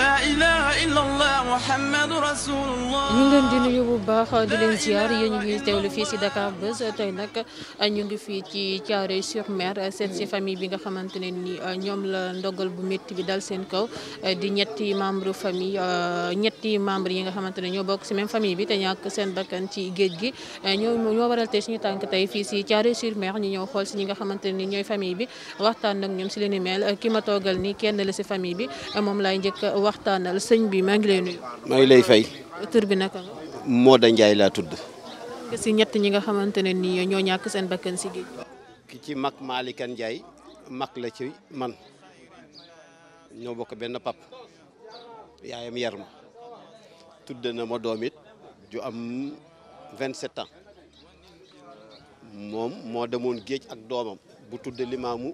ñu ngi leen di nuyu bu baax di leen ziar yéen ñu ngi si Dakar Buzz tey nag ñu ngi fii ci Thiaroye sur Mer seet si famille bi nga xamante ne ni ñoom la ndogal bu métti bi dal seen kaw di ñetti membre famille ñetti membre yi nga xamante ne ñoo bokk si même famille bi te ñàkk seen bakkan ci géej gi ñoo ñoo waral tey suñu tànk tey fii si Thiaroye sur Mer ñu ñëw xool si ñi nga xamante ne ni ñooy famille bi waxtaan nag ñoom si leen mel ki ma toogal ni kenn la si famille bi moom laay njëkk waxtaanal sëñ bi maa ngi lay nuyu. lay fay. tur bi naka la. Modou njaay laa tudd. nga si ñett ñi nga xamante ne nii ñoo ñàkk seen bakkan si géej. ki ci mag Malick Ndiaye mag la ci man ñoo bokk benn pap yaayam yar ma tudd na ma doom ju am 27 ans moom moo demoon géej ak doomam bu tudd Limaamu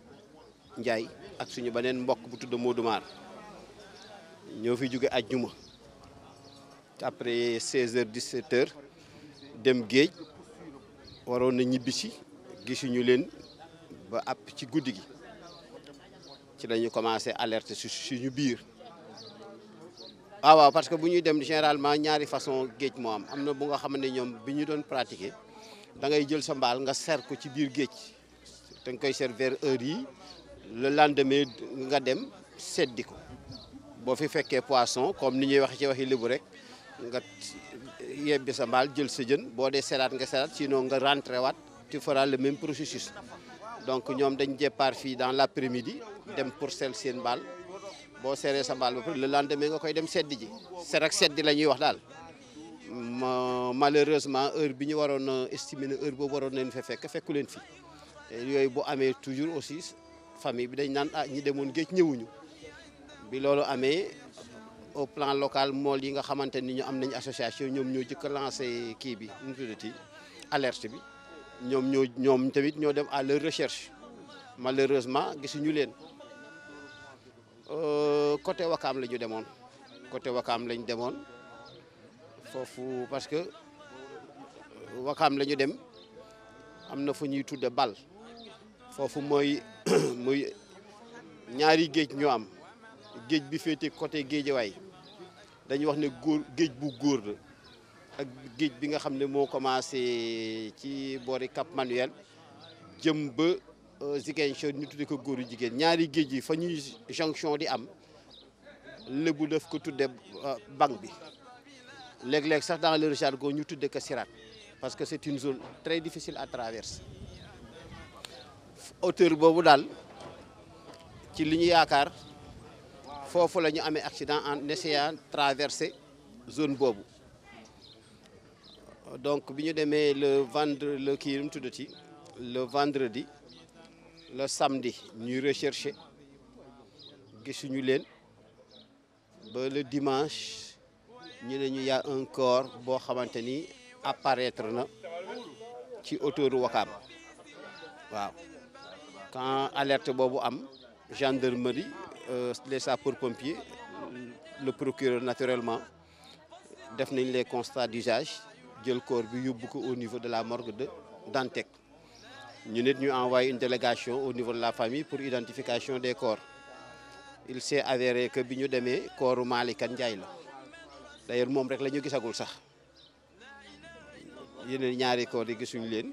njaay ak suñu beneen mbokk bu tudd Modou Mar ñoo fi jóge ajjuma après 16 heures 17 heures dem géej waroon na ñibbisi gisuñu leen ba app ci guddi gi ci lañu commencé alerte su suñu biir waaw ah, waaw parce que bu ñuy dem généralement ñaari façon géej moo am am na bu nga xam ne ñoom bi ñu doon pratiquer da ngay jël sa mbaal nga ser ko ci biir géej da nga koy ser heure yi le lendemain nga dem seddi ko boo fi fekkee poisson comme ni ñuy wax ci waxi libu rek nga yebbi sa mbaal jël sa jën boo dee seraat nga seraat sinon nga rentré waat tu feras le même processus donc ñoom dañ départ fii dans la l'après-midi dem pour sel seen mbaal boo seree sa mbaal ba pare nga koy dem sedd ji ser ak seddi la ñuy wax daal malheureusement heure bi ñu waroon a ne heure boobu waroon nañ fe fekk fekku leen fi yooyu bo amee toujours aussi famille bi dañ naan ah ñi demoon géej ñëwuñu bi loolu amee au plan local mool yi nga xamante ni ñu am nañ association ñoom ñoo jëkk lancé kii bi nu tuddati alerte bi ñoom ñoo ñoom tamit ñoo dem à leur recherche malheureusement gisuñu leen euh, côté Wakaam la ñu demoon côté Wakaam lañ demoon foofu parce que euh, Wakaam la ñu dem am na fu ñuy tudde ball foofu mooy muy ñaari géej ñoo am géej bi féete côté géejawaay dañuy wax ne góor géej bu góor la ak géej bi nga xam ne moo commencé ci boori Cap Manuel jëm ba euh, Ziguinchor ñu tudde ko góoru jigéen ñaari géej yi fa ñuy jonction di am lébu def ko tudde euh, banque bi léeg-léeg sax dans leur jargon ñu tudde ko Sirat parce que c'est une zone très difficile à traverser hauteur boobu daal ci li ñu yaakaar foofu la ñu amee accident en essayant traverser zone boobu donc bi ñu demee le vendre le kii nu mu tuddati le vendredi le samedi ñuy recherché gisuñu leen ba le dimanche ñu ne ñu y a boo xamante ni apparaître na ci autoru Wakaam waaw quand alerte boobu am gendarmerie Euh, les sapeurs-pompiers le procureur naturellement def nañ les constats d'usage jël corps bi yóbbu ko au niveau de la morgue de Dantec ñu nit ñu envoyé une délégation au niveau de la famille pour identification des corps il s'est avéré que bi ñu demee kooru Malikan Ndiaye la d'ailleurs moom rek la ñu gisagul sax yeneen ñaari corps yi gisuñu leen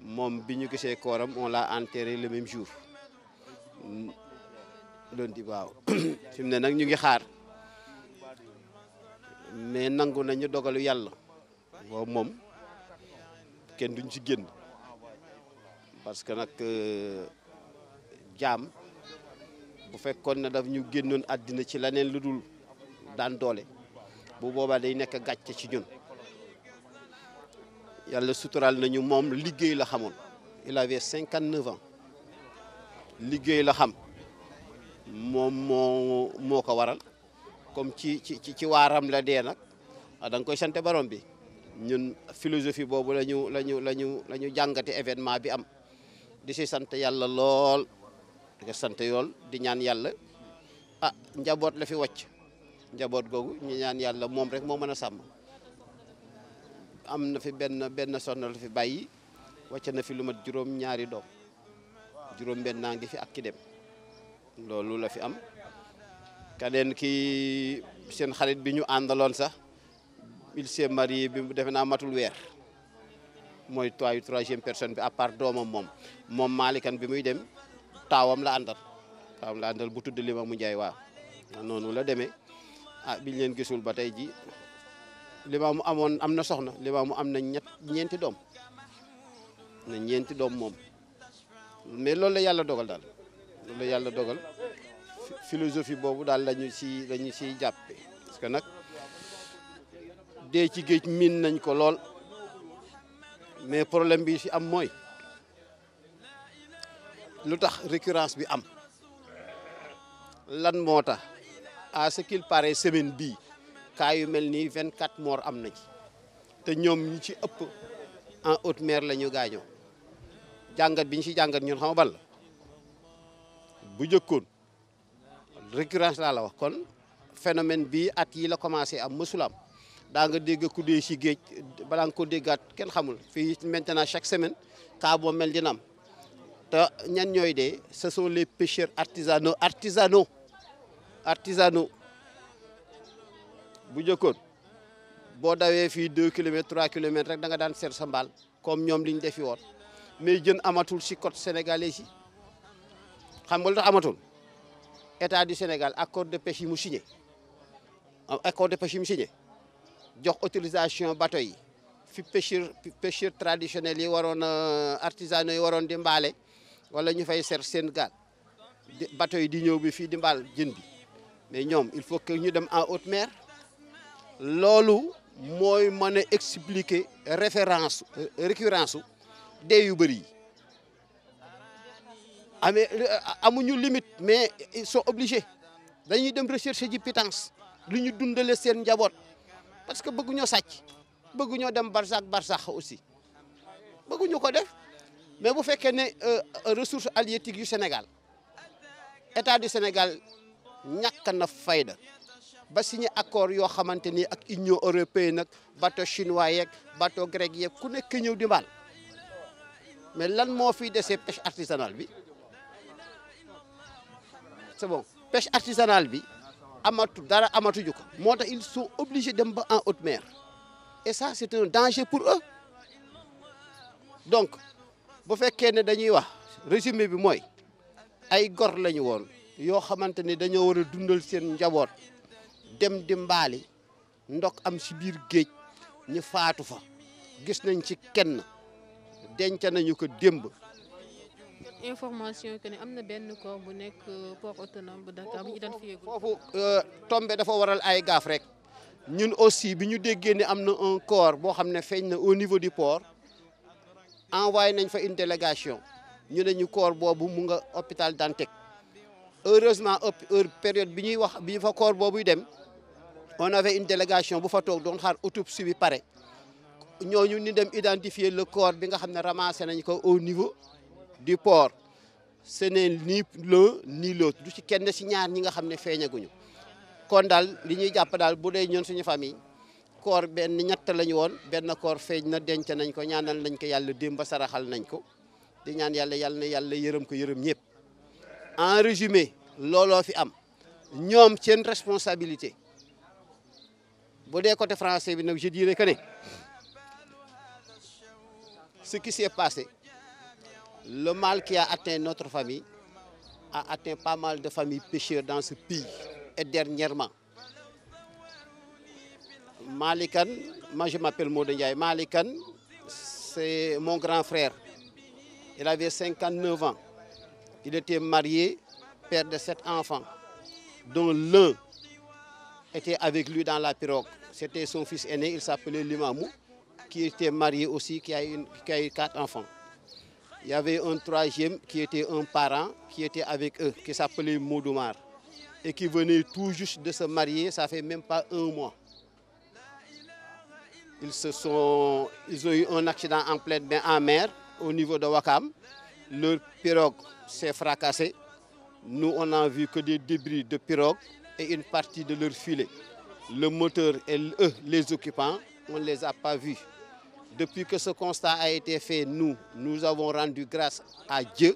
moom bi ñu gisee kooram on l'a enterré le même jour londi waaw fi mu ne nag ñu ngi xaar mais nangu nañu dogalu yàlla boobu moom kenn duñ ci génn parce que nag euh, jaam bu fekkoon ne daf ñu génnoon àddina ci leneen lu dul daan doole bu boobaa day nekk gàcce ci ñun yàlla suturaal nañu moom liggéey la xamoon il avait cinquante neuf ans liggéey la xam moom moo moo ko waral comme ci ci ci waaram la dee nag ah, da nga koy sant borom bi ñun philosophie boobu la ñu la ñu la ñu jàngate événement bi am di si sant yàlla lool di sant yool di ñaan yàlla ah njaboot la fi wacc njaboot googu ñu ñaan yàlla moom rek moo mën a sàmm am na fi benn benn soxna la fi bàyyi wàcc na fi lu mat juróom ñaari doom juróom benn naa ngi fi ak ki loolu la fi am keneen ki seen xarit bi ñu àndaloon sax il s'est marié bi defe naa matul weer mooy toayu troisième personne bi à part doomam moom moom maalikan bi muy dem taawam la àndal taawam la bu tudd li mu njaay waaw noonu la demee ah biñ leen gisul ba tey ji limaamu amoon am na soxna limaamu am na ñett ñeenti doom na ñeenti doom moom mais loolu la yàlla dogal daal loolu yàlla dogal philosophie boobu daal lañu si lañu siy jàppe parce que nag dee ci géej miin nañ ko lool mais problème bi ci am mooy lu tax récurrence bi am lan moo tax à ce qu'il paraît semaine bii cas yu mel ni vingt quatre morts am na ci te ñoom ñu ci ëpp en haute mer la ñu gaañoo jàngat bi ñu si jàngat ñun xam nga ban bu jëkkoon récurrence laa la wax kon phénomène bi at yi la commencé am mësul am daa nga dégg ku dee si géej bala nga ko déggaat kenn xamul fii maintenant chaque semaine cas boo mel dina te ñan ñooy de ce sont les pêcheurs artisanaux artisanaux artisanaux bu jëkkoon boo dawee fii deux kilomètres trois kilomètres rek da nga daan seet sa mbaal comme ñoom liñ ñu defi woon mais jën amatul si côte sénégalais yi xam nga lu tax amatul état du Sénégal accord de pêche yi mu signé ah, accord de pêche yi mu signé jox autorisation bateau fi pêcheur pêcheur traditionnel yi waroon euh, artisanaux yi waroon di mbaale wala ñu fay ser seen gaal bateau yi di ñëw bi fii di mbaal jën bi mais ñoom il faut que ñu dem en haute maire loolu mooy mën a expliquer référence euh, récurence u dee yu bëri amee euh, amuñu limite mais ils sont obligés dañuy dem recherche ji pitance lu ñu dundale seen njaboot parce que bëgguñoo sàcc bëgguñoo dem barsax barsax aussi bëgguñu ko def mais bu fekkee ne euh, ressources halieutiques yu Sénégal état du Sénégal ñàkk na fayda ba signé accord yoo xamante ni ak union européenne nag bateau chinois yeeg bateau grec yeeg ku nekk ñëw di mbaal mais lan moo fiy desee pêche artisanale bi sa boobu pêche artisanale bi amatu dara amatuñu ko moo tax ils sont obligés dem ba en haute mer et ça c'est un danger pour eux donc bu fekkee ne dañuy wax résumé bi mooy ay gor lañu woon yoo xamante ne dañoo war a dundal seen njaboot dem di mbaali ndok am si biir géej ñu faatu fa gis nañ ci kenn denca nañu ko démb information que ne am na benn corps bu nekk euh, port autonome bu Dakar bu ñu foofu euh, tombé dafa waral ay gaaf rek ñun aussi bi ñu déggee ne am na un corps boo xam ne feeñ na au niveau du port envoyé nañ fa une délégation ñu ne ñu corps boobu mu nga hôpital Dantec heureusement heure période bi ñuy wax bi ñu fa corps boobuy dem on avait une délégation bu fa toog doon xaar autopsie bi pare ñooñu ni dem identifier le corps bi nga xam ne ramassé nañ ko au niveau. di port ce n'est ni l'un ni du ci kenn si ñaar ñi nga xam ne feeñaguñu kon daal li ñuy jàpp daal bu dee ñun suñu famille koor benn ñett lañu woon benn koor feeñ na denc nañ ko ñaanal nañ ko yàlla démb saraxal nañ ko di ñaan yàlla yàlla na yàlla yërëm ko yërëm ñëpp en résumé looloo fi am ñoom seen responsabilité bu dee côté français bi nag je dirais que ne ce qui s'est passé Le mal qui a atteint notre famille a atteint pas mal de famille pêcheurs dans ce pays et dernièrement. Malikan, moi je m'appelle Ndiaye. Malikan, c'est mon grand frère. Il avait 59 ans. Il était marié, père de sept enfants, dont l'un était avec lui dans la pirogue. C'était son fils aîné, il s'appelait Limamou, qui était marié aussi, qui a, une, qui a eu quatre enfants. Il y avait un troisième qui était un parent qui était avec eux, qui s'appelait Maudoumar, et qui venait tout juste de se marier, ça fait même pas un mois. Ils se sont, ont eu un accident en pleine en mer, au niveau de Wakam. Leur pirogue s'est fracassée. Nous, on a vu que des débris de pirogue et une partie de leur filet. Le moteur et les occupants, on les a pas vus. Depuis que ce constat a été fait, nous, nous avons rendu grâce à Dieu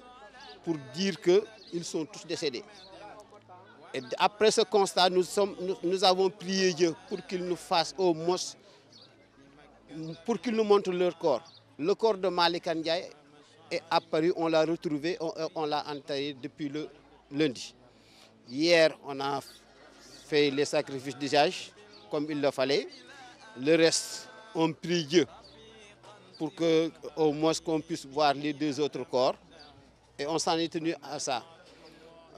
pour dire qu'ils sont tous décédés. Et après ce constat, nous, sommes, nous, nous avons prié Dieu pour qu'il nous fasse au moins, pour qu'il nous montre leur corps. Le corps de Malik Ndiaye est paris on l'a retrouvé, on, euh, on l'a enterré depuis le lundi. Hier, on a fait les sacrifices d'usage comme il le fallait. Le reste, on prie Dieu pour que au moins qu'on puisse voir les deux autres corps et on s'en est tenu à ça.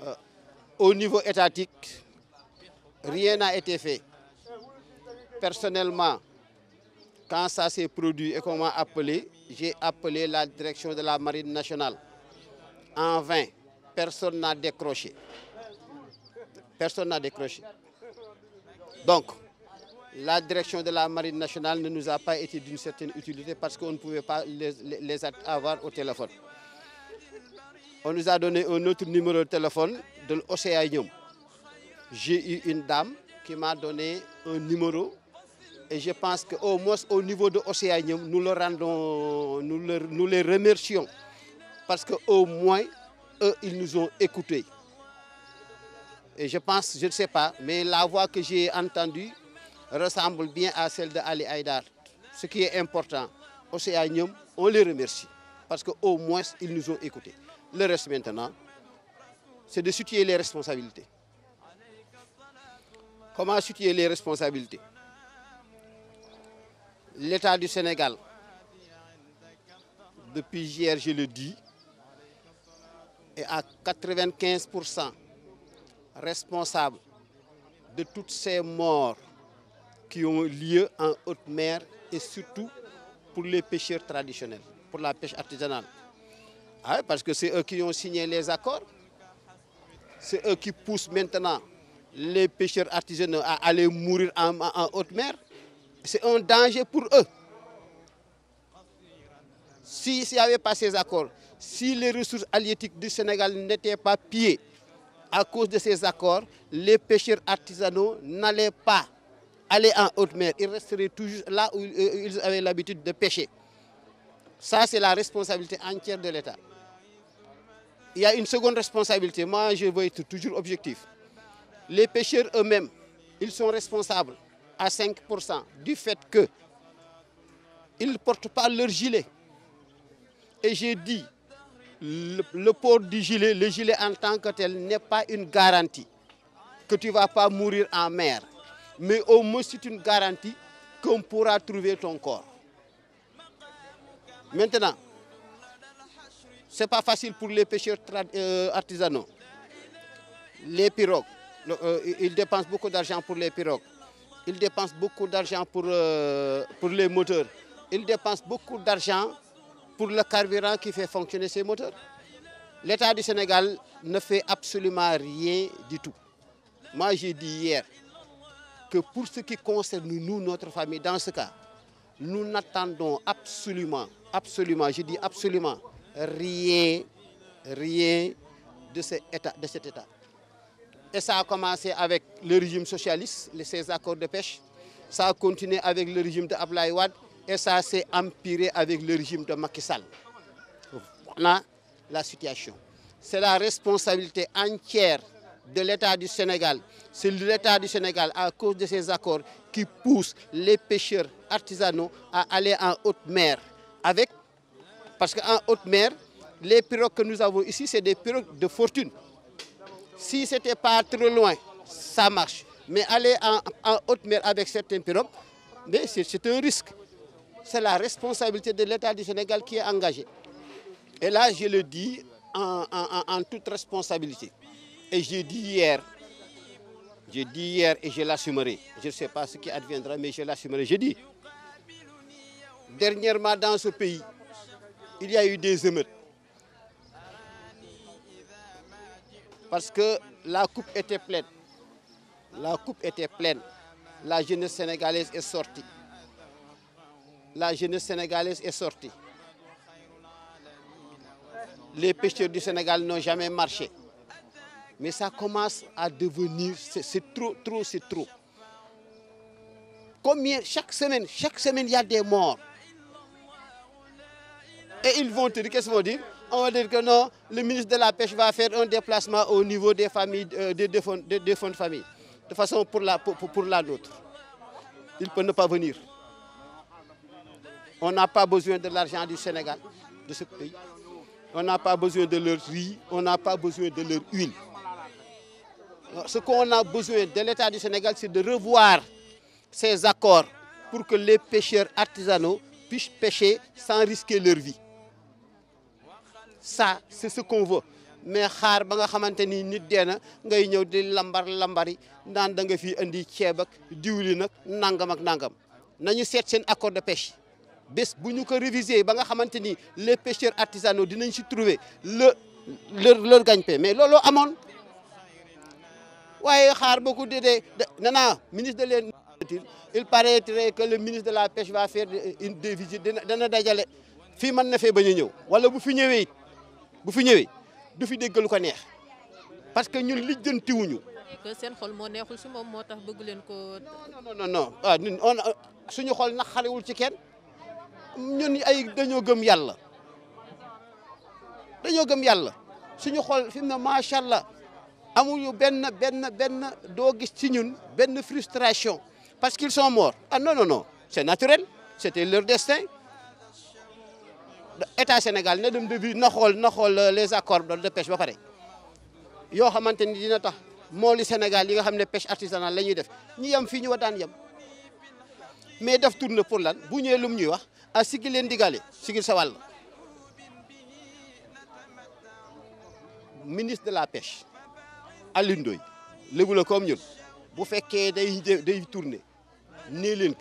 Euh, au niveau étatique, rien n'a été fait. Personnellement, quand ça s'est produit et qu'on m'a appelé, j'ai appelé la direction de la Marine nationale. En vain, personne n'a décroché. Personne n'a décroché. Donc, La direction de la marine nationale ne nous a pas été d'une certaine utilité parce qu'on ne pouvait pas les, avoir au téléphone. On nous a donné un autre numéro de téléphone de l'Océanium. J'ai eu une dame qui m'a donné un numéro et je pense qu'au moins au niveau de l'Océanium, nous, le rendons, nous, le, nous les remercions parce qu'au moins, eux, ils nous ont écoutés. Et je pense, je ne sais pas, mais la voix que j'ai entendue ressemble bien à celle de Ali Haïdar, ce qui est important. Océanium, on les remercie parce que au moins ils nous ont écoutés. Le reste maintenant, c'est de situer les responsabilités. Comment situer les responsabilités L'État du Sénégal, depuis hier je le dis, est à 95% responsable de toutes ces morts qui ont lieu en haute mer et surtout pour les pêcheurs traditionnels, pour la pêche artisanale. Ah parce que c'est eux qui ont signé les accords. C'est eux qui poussent maintenant les pêcheurs artisanaux à aller mourir en, en haute mer. C'est un danger pour eux. S'il n'y avait pas ces accords, si les ressources halieutiques du Sénégal n'étaient pas pillées à cause de ces accords, les pêcheurs artisanaux n'allaient pas aller en haute mer, ils resteraient toujours là où euh, ils avaient l'habitude de pêcher. Ça, c'est la responsabilité entière de l'État. Il y a une seconde responsabilité, moi je veux être toujours objectif. Les pêcheurs eux-mêmes, ils sont responsables à du fait que ils ne portent pas leur gilet. Et j'ai dit, le, le, port du gilet, le gilet en tant que tel n'est pas une garantie que tu vas pas mourir en mer. mais au moins c'est une garantie qu'on pourra trouver ton corps. Maintenant, ce pas facile pour les pêcheurs euh, artisanaux. Les pirogues, le, euh, ils dépensent beaucoup d'argent pour les pirogues. Ils dépensent beaucoup d'argent pour, euh, pour les moteurs. Ils dépensent beaucoup d'argent pour le carburant qui fait fonctionner ces moteurs. L'État du Sénégal ne fait absolument rien du tout. Moi, j'ai dit hier, que pour ce qui concerne nous, notre famille, dans ce cas, nous n'attendons absolument, absolument, je dis absolument, rien, rien de cet état. De cet état. Et ça a commencé avec le régime socialiste, ses accords de pêche. Ça a continué avec le régime de Ablaïwad. Et ça s'est empiré avec le régime de Macky Sall. Voilà la situation. C'est la responsabilité entière de l'État du Sénégal. C'est l'État du Sénégal, à cause de ces accords, qui pousse les pêcheurs artisanaux à aller en haute mer. Avec, parce qu'en haute mer, les pirogues que nous avons ici, c'est des pirogues de fortune. Si ce n'était pas trop loin, ça marche. Mais aller en, en haute mer avec certains pirogues, c'est un risque. C'est la responsabilité de l'État du Sénégal qui est engagée. Et là, je le dis en, en, en toute responsabilité. Et j'ai dit hier, j'ai dit hier et je l'assumerai. Je ne sais dans ce pays, il y a eu des émeutes. Parce que la coupe était pleine. La coupe était pleine. La jeunesse sénégalaise est sortie. Les pêcheurs du Sénégal n'ont jamais marché. mais ça commence à devenir c'est trop trop c'est combien chaque semaine chaque semaine il a des morts et ils vont te dire qu'est-ce qu'ils vont dire on va dire que non le ministre de la pêche va faire un déplacement au niveau des familles euh, des défunts des défunts de famille de façon pour la pour, pour la nôtre il peut ne pas venir on n'a pas besoin de l'argent du Sénégal de ce pays on n'a pas besoin de leur riz on n'a pas besoin de leur huile ce qu'on a besoin de l'État du Sénégal, c'est de revoir ces accords pour que les pêcheurs artisanaux puissent pêcher sans risquer leur vie. Ça, c'est ce qu'on veut. mais xaar ba nga xamante ni nit dee na ngay ñëw di lambar lambari naan da nga fi indi ceeb ak diwli nag nangam ak nangam nañu seet seen accord de pêche bés bu ñu ko réviser ba nga xamante ni les pêcheurs artisanaux dinañ si trouver le leur leur gagne-pain mais looloo amoon waaye xaar ba ku déedee nana ministre de l'Agriculture il paraîtrait que le ministre de la pêche va faire une des visites dana dajale fii man na fee bañ a ñëw wala bu fi ñëwee bu fi ñëwee du fi dégg lu ko neex parce que ñun lijjantiwuñu que seen xol moo neexul si moom moo tax bëgg leen ko. non non non waaw ah, ñun on suñu xol naqariwul ci kenn ñun ay dañoo gëm yàlla dañoo gëm yàlla suñu xol fi mu ne allah amuñu benn benn benn doo gis ci ñun benn frustration parce qu'ils sont morts ah non non non c'est naturel c'était leur destin état Sénégal na dem debi na xool na xool euh, les accords de pêche ba pare yoo xamante ni dina tax moolu Sénégal yi nga xam ne pêche artisanale la ñuy def ñu yem fii ñu wa daan yem mais def tourne pour lan bu ñëwee lum ñuy wax a ah, sigil leen digale sigil sa ministre de la pêche Alioune Ndoye lébu la comme ñun bu fekkee day day tourné nee leen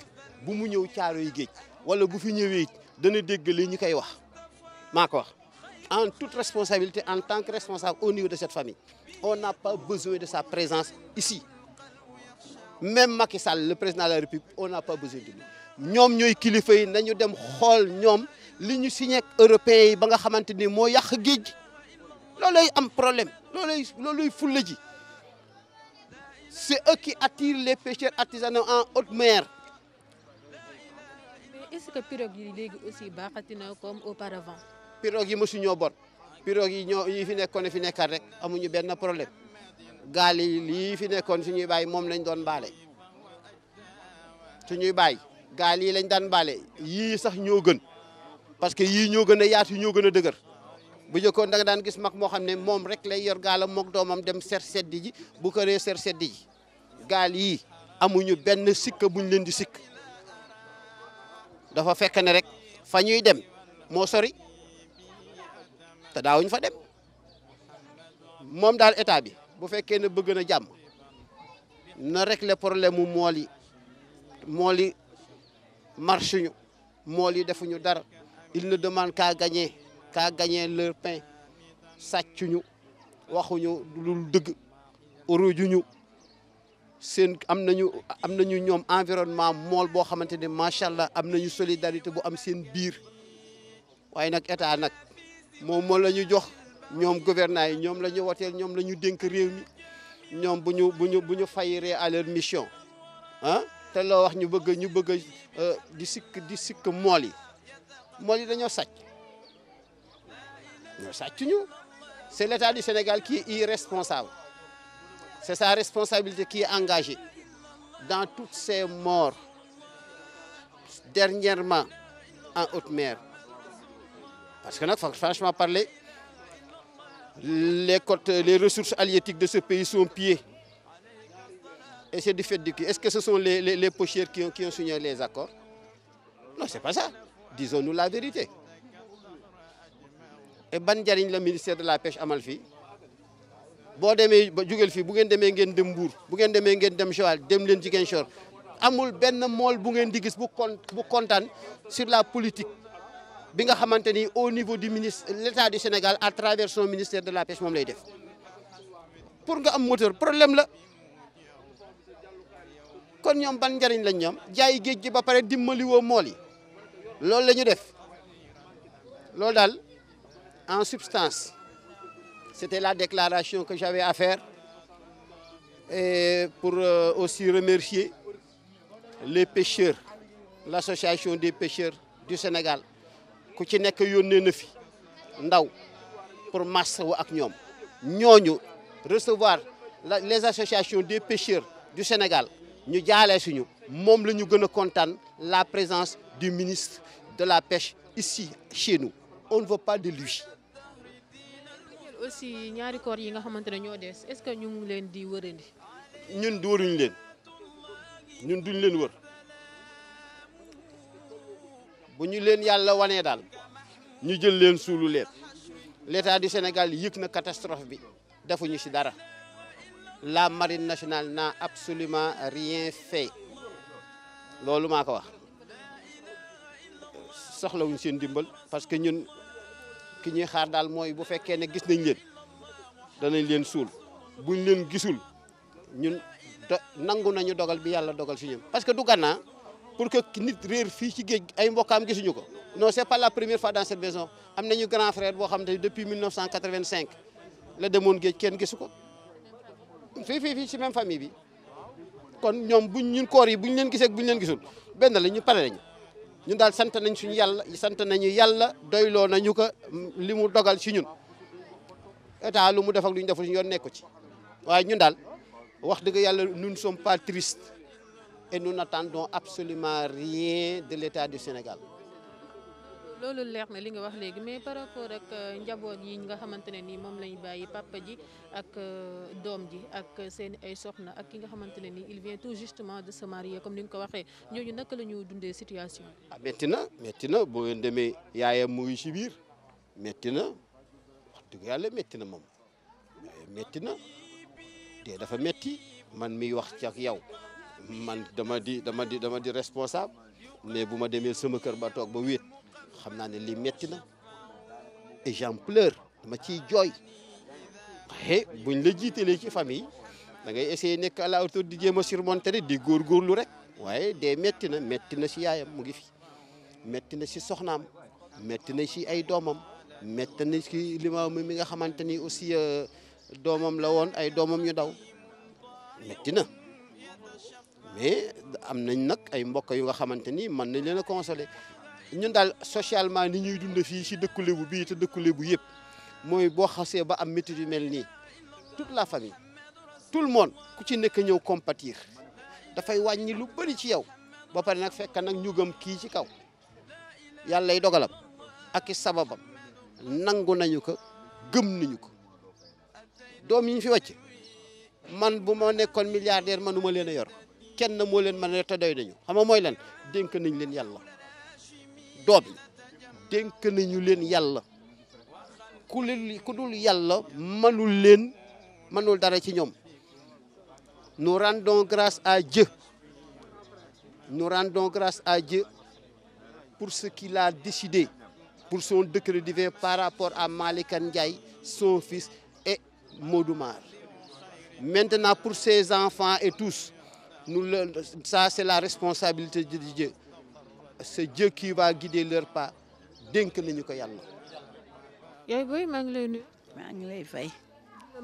bu mu ñëw caaro yi géej wala bu fi ñëwee dana dégg li ñu koy wax maa ko wax en toute responsabilité en tant que responsable au niveau de cette famille on n'a pas besoin de sa présence ici même Macky Sall le président de la République on n'a pas besoin de lui ñoom ñooy kilifa yi nañu dem xool ñoom li ñu signé européens yi ba nga xamante ni moo yàq géej gi loolay am problème loolu looluy fulla ji c'est eux qui attirent les pêcheurs en haute maire mais est-ce que pirogue yi léegi aussi baaxati na comme auparavant. pirogue yi mosu ñoo bon pirogue yi ñoo yi fi nekkoon fi nekkaat rek amuñu benn problème gaali yi lii fi nekkoon suñuy bàyyi moom lañ doon baale suñuy bàyyi gaal yi lañ daan baale yii sax ñoo gën parce que yii ñoo gën a yaatu ñoo gën a dëgër. bu jëkkoon da daan gis mag moo xam ne moom rek lay yor gaalam mook doomam dem ser seddi ji bu ko ree ser gaal yi amuñu benn sikka buñ leen di sikk dafa fekk ne rek fa ñuy dem moo sori te daawuñ fa dem moom daal état bi bu fekkee ne bëgg na jàmm na régler problème mu mool yi mool yi marché ñu mool yi defuñu dara il na demande ka gañe ka gagner leur pain sàccuñu waxuñu lu dëgg urujuñu seen am nañu am nañu ñoom environnement mool boo xamante ne macha allah am nañu solidarité bu am seen biir waaye nag état nag moom moo la ñu jox ñoom gouvernants yi ñoom la ñu woteel ñoom la ñu dénk réew mi ñoom bu ñu bu ñu bu ñu fayiree à leur mission ah te loo wax ñu bëgg ñu bëgg euh, di sikk di sikk mool yi mool yi dañoo sàcc ñoo sàccuñu c'est l'état du Sénégal qui est irresponsable c'est sa responsabilité qui est engagée dans toutes ces morts dernièrement en haute mer parce que nag franchement parler les côtes les ressources halieutiques de ce pays sont pillées et c'est ce que ce sont les les qui ont signé les accords non c'est pas ça disons-nous la vérité et eh, ban njariñ la ministère de la pêche amal fi boo demee ba jugeel fii bu ngeen demee ngeen dem mbuur bu ngeen demee ngeen dem Joal dem leen Ziguinchor amul benn mool bu ngeen di gis bu con bu kontaan sur la politique bi nga xamante ni au niveau du ministre l'État du Sénégal à travers son ministère de la pêche moom lay def pour nga am moteur problème la kon ñoom ban njariñ lañ ñoom jaay géej gi ba pare dimbali woo mool yi loolu la ñu def loolu daal. en substance, c'était la déclaration que j'avais affaire faire et pour euh, aussi remercier les pêcheurs, l'association des pêcheurs du Sénégal ku ci nekk yónnee na fi ndaw pour massawu ak ñoom ñooñu recevoir les associations des pêcheurs du Sénégal ñu jaalee suñu moom la ñu gën a kontaan la présence du ministre de la pêche ici chez on ne veut pas de lui. ñaari koor yi nga xamante ne ñoo des est-ce que ñu ngi leen di wërandi. ñun di wëruñu leen ñun duñ leen wër bu ñu leen yàlla wanee daal ñu jël leen suulu leen l'état du Sénégal yëg na catastrophe bi defuñu ci dara la marine nationale n'a absolument rien fait loolu maa ko wax soxlawuñ seen dimbal parce que ñun. ki ñuy xaar daal mooy bu fekkee ne gis nañ leen danañ leen suul bu ñu leen gisul ñun do nangu nañu dogal bi yàlla dogal si ñun. parce que du gannaa pour que nit réer fii ci géej ay mbokkaam gisuñu ko non c'est pas la première fois dans cette maison am nañu grand frère xam ne depuis 1985 la demoon géej kenn gisu ko fii fii fii si même famille bi kon ñoom buñ ñun koor yi buñ leen gisee buñ leen gisul benn la ñu pare lañu ñun daal sant nañ suñu yàlla sant nañu yàlla doyloo nañu ko li mu dogal si ñun état lu mu def ak lu ñu deful yoon nekku ci waaye ñun daal wax dëgg yàlla nous ne sommes pas tristes et nous n'attendons absolument rien de l'État du Sénégal loolu leer na li nga wax léegi mais par rapport ak euh, njaboot yi nga xamante ne nii moom lañ bàyyi papa ji ak euh, doom ji ak seen ay soxna ak ki nga xamante ne nii il vient tout justement de se marier comme ni nga ko waxee ñooñu naka la ñu dundee situation ah métti na métti na boo leen demee yaayam mu ngi si biir métti na wax dëgg yàlla métti na moom yaayam métti na te dafa métti man miy wax ci ak yow man dama di dama di dama di responsable mais bu ma demee sama kër ba toog ba wéet xam naa ne lii metti na et j'en pleure dama ciy jooy waxe buñ la jiitalee ci famille da ngay essayer nekk à di jéem a surmonter di góorgóorlu rek waaye de metti na metti na si yaayam mu ngi fi metti na si soxnaam metti na si ay doomam metti na si limaam mi nga xamante ni aussi euh, doomam la woon ay doomam yu daw metti na mais am nañ nag ay mbokk yu nga xamante ni mën nañ leen a consoler ñun daal socialement ni ñuy dund fii ci dëkku lébu bii te dëkku bu yëpp mooy boo xasee ba am métit yu mel nii toute la famille tout le monde ku ci nekk ñëw compatir dafay wàññi lu bëri ci yow ba pare nag fekk nag ñu gëm kii ci kaw yàlla lay dogalam ak sababam nangu nañu ko gëm nañu ko doom yi ñu fi wàcc man bu ma nekkoon milliardaire manuma leen a yor kenn moo leen mën a yor te doy nañu xam nga mooy lan dénk nañ leen yàlla doom yi dénk nañu leen yàlla ku leen ku dul yàlla mënul leen mënul dara ci ñoom nous rendons grâce à Dieu nous rendons grâce à Dieu pour ce qu'il a décidé pour son décret par rapport à Malick Ndiaye son fils et Modou Mar maintenant pour ses enfants et tous nous le ça c'est la responsabilité de Dieu c'est Dieu qui va guider leur pas nañu ko yàlla. yaay booy maa ngi lay nuyu. maa ngi lay fay.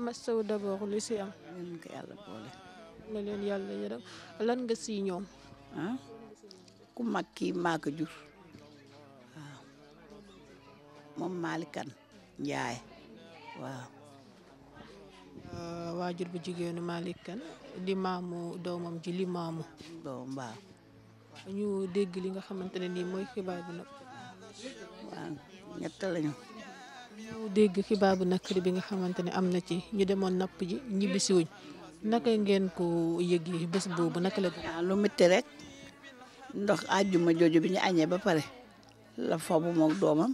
masawu d'abord lu si am. ñu ko yàlla boole. na lan nga si ñoom. ah ku mag kii maa jur waaw moom Malikan Ndiaye waaw. waajur bu jigéenu Malikan di maamu doomam ji li doom waaw. ñu dégg li nga xamante ne nii mooy xibaar bu nag waaw ñett lañu ñu dégg xibaar bu nakari bi nga xamante ne am na ci ñu demoon napp ji ñibbisi wuñ naka ngeen ko yëgee bés boobu naka la. lu métti rek ndox àjjuma jooju bi ñu añee ba pare la fobu moog doomam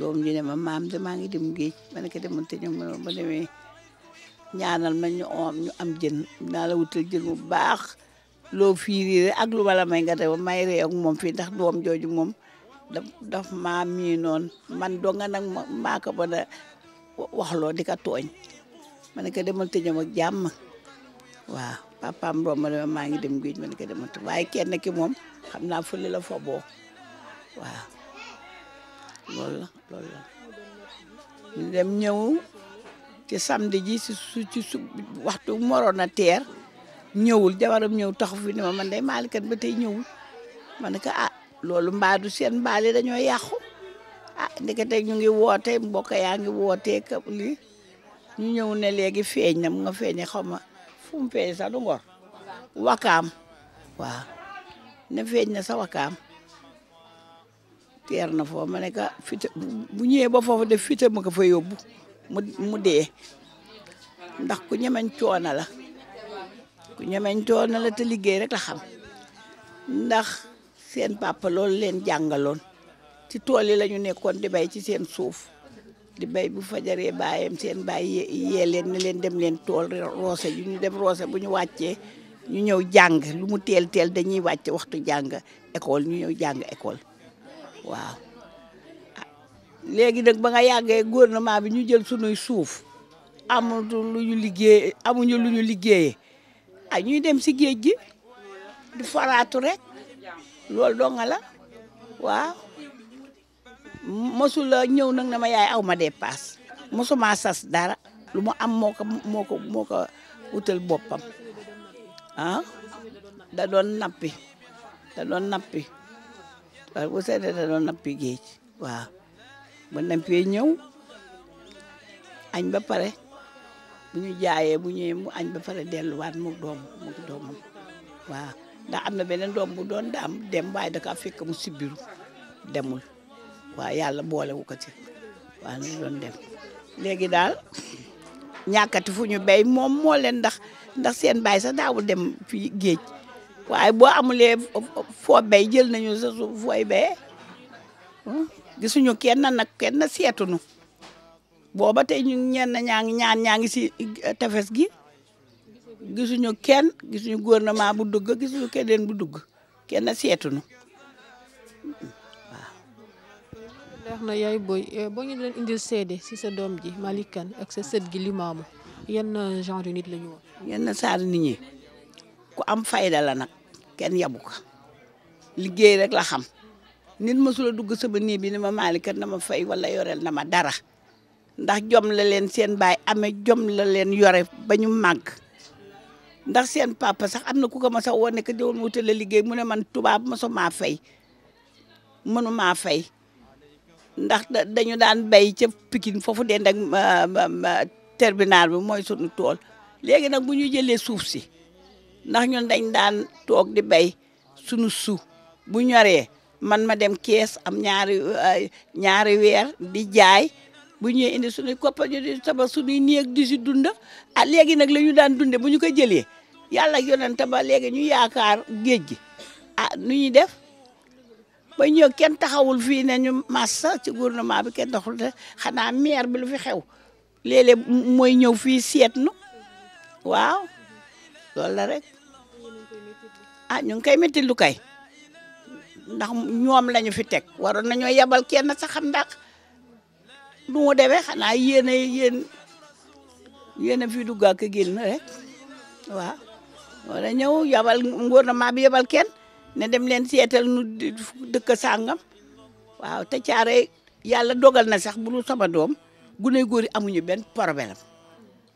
doom ji ne ma maam de maa ngi dem géej ma ne ko demoon te ñu ba demee ñaanal ma ñu am jën naa la wutal jën bu baax. loo fiiriire ak lu wala may nga te may ree moom fii ndax doom jooju moom daf daf maa man dong nga nag maa ko mën a waxloo di ka tooñ ma ne ko demal te ñëw ak jàmm waaw papaam ma ne maa ngi dem géej ma ne ko demal waaye kenn ki moom xam naa fële la fa boo waaw loolu la dem ñëw ci samedi ji si su waxtu moroon teer ñëwul jabaram ñëw taxu fi ni ma man day maalikat ba tey ñëwul ma ne ah loolu mbaadu seen mbaali dañoo yàqu ah ndekete ñu ngi woote mbokk yaa ngi wootee ka lii ñu ñëw ne léegi feeñ na mu nga feeñee xaw ma fu mu feeñ sax du wakaam waaw ne feeñ na sa wakaam teer na foofu ma ne ka fita bu ñëwee ba foofu def fita ma ko fa yóbbu mu mu dee ndax ku ñemeñ coona la ku ñemeñ toon na la te liggéey rek la xam ndax seen papa loolu leen jàngaloon ci tool yi la ñu nekkoon di bay ci seen suuf di bay bu fajaree bàyyam seen bàyyi yee leen leen dem leen tool roose yu ñu dem roose bu ñu wàccee ñu ñëw jàng lu mu teel teel dañuy wàcc waxtu jàng école ñu ñëw jàng école waaw ah, léegi nag ba nga yàggee gouvernement bi ñu jël sunuy suuf amul lu ñu liggéey amuñu lu ñu liggéeyee ay ñuy dem si géej gi di faraatu rek loolu dong la waaw mosul ñëw nag na ma yaay aw ma dépasse mosuma sas dara lu mu am moo ko moo ko moo boppam ah da doon nappi da doon nappi waaw bu seede da doon nappi géej waaw ba nappee ñëw añ ba pare bu ñu jaayee bu ñëwee mu añ ba pare delluwaat mu doom mu doomam waaw ndax am na beneen doom bu doon daam dem waaye da kaa fekk mu sibbiru demul waaw yàlla boolewu ko ci waaw lu dem léegi daal ñàkkati fu ñu béy moom moo leen ndax ndax seen baay sax daawul dem fii géej waaye bu amulee foo béy jël nañu sa suuf fooy béyee hmm? gisuñu kenn nag kenn seetunu booba tey ñu ñenn ñaa ngi ñaan ñaa ngi si eh, tefes gi gisuñu kenn gisuñu gouvernement bu dugg gisuñu keneen bu dugg kenn seetuñu waaw. leex na yaay booy eh, boo ñu leen indil seede si sa doom ji Malick ak sa sët gi Limamou yenn eh, genre nit la ñu woon. yenn saar nit ñi ku am fayda la nag kenn yabu ko liggéey rek la xam nit mësula dugg sama nii bi ni ma Malick na ma fay wala yoreel na ma dara. ndax jom la leen seen baay amee jom la leen yore ba ñu màgg ndax seen papa sax am na ku ko ma sax woo ne que diwoon liggéey mu ne man tubaab mosu maa fay mënu maa fay ndax dañu daan bay ca Pikine foofu dend ak terminal bi mooy sunu tool léegi nag bu ñu jëlee suuf si ndax ñun dañ daan toog di bay sunu su bu ñoree man ma dem kees am ñaari ñaari weer di jaay bu ñëwee indi suñuy koppar ñu di tabax suñuy néeg di si dunda ah léegi nag la daan dunde bu ñu ko jëlee yàlla ak yonent ba léegi ñu yaakaar géej gi ah nu ñuy def ba ñëw kenn taxawul fii ne ñu massa ci gouvernement bi kenn taxul te xanaa maire bi lu fi xew léeg-léeg mooy ñëw fii seetnu waaw loolu la rek ah ñu ngi koy métti kay ndax ñoom lañu fi teg waroon nañoo yebal kenn sax xam ndax du mu demee xanaa yéen a yéen yéen a fi dugg ak génn rek waaw wala ñëw yabal gouvernement bi yabal kenn ne dem leen seetal nu dëkk sàngam waaw te caare yàlla dogal na sax bu sama doom gune góor yi amuñu benn problème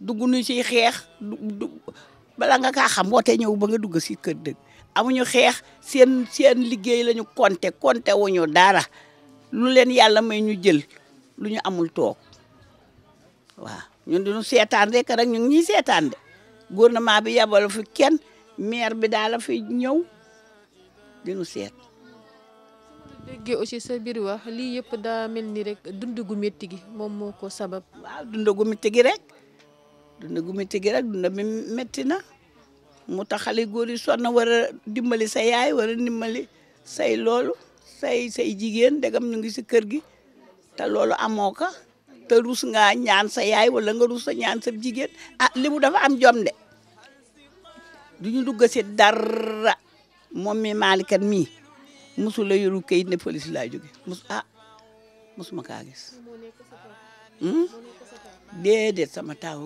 dugg nu ci xeex du bala nga kaa xam wootee ñëw ba nga dugg si kër dëgg amuñu xeex seen seen liggéey lañu konte konte wuñu dara lu leen yàlla may ñu jël lu ñu amul toog waaw ñun duñu seetaan rek rek ñu ñuy seetaan de gouvernement bi yebal fi kenn maire bi daal la fi ñëw dinu seet. déggee aussi sa biir wax lii yëpp daa mel ni rek dund gu métti gi moom moo ko sabab. waaw dund gu métti gi rek dund gu métti na mu tax xale góor yi sonn war dimbali sa yaay war dimbali say loolu say say jigéen dagam ñu ngi si kër gi. te loolu amoo ko te rus ngaa ñaan sa yaay wala nga rus sa ñaan sa jigéen ah li mu dafa am jom de du ñu dugg si dara moom mi maalikat mii mosula yoru kayit ne police laa jóge mos ah mosuma kaa gis hmm? déedéet sama taaw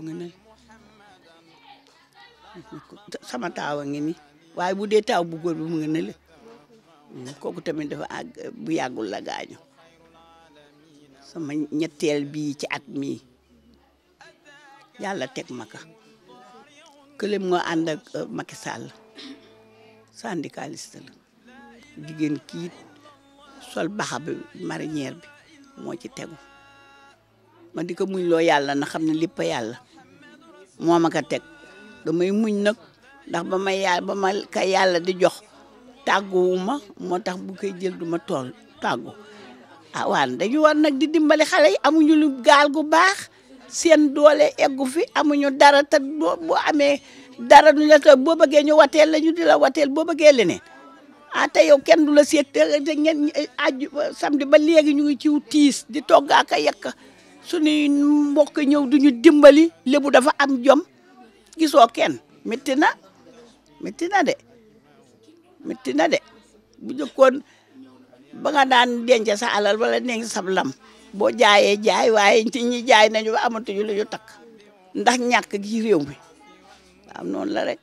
sama taaw a ngi ni waaye bu dee taaw bu góor bi mu nga ne le hmm, kooku tamit dafa bu yàggul la gaañu sama ñetteel bii ci at mii yàlla teg ma ka këlem nga ànd ak euh, Macky Sall syndicaliste la jigéen kii sol baxa bi marinière bi moo ci tegu ma di ko muñ loo yàlla na xam ne lépp yàlla moo ma ka teg damay muñ nag ndax ba ma yàlla ba ma ka yàlla di jox tàgguwu moo tax bu koy jël du ma tool tàggu ah waa dañu war di dimbali xale yi amuñu lu gaal gu baax seen doole eggu fi amuñu dara te boo boo amee dara du na te boo bëggee ñu wateel la ñu di la wateel boo bëggee leneen ah te yow kenn du la seet te ngeen aju samedi ba léegi ñu ngi ciw tiis di togg ak a yekk suñuy mbokk ñëw duñu dimbali lébu dafa am jom gisoo kenn métti na métti na de métti de bu jëkkoon ba nga daan denc sa alal wala denc sa lam boo jaayee jaay waaye ci ñi jaay nañu ba amatuñu lu ñu takk ndax ñàkk gi réew mi am noonu la rek.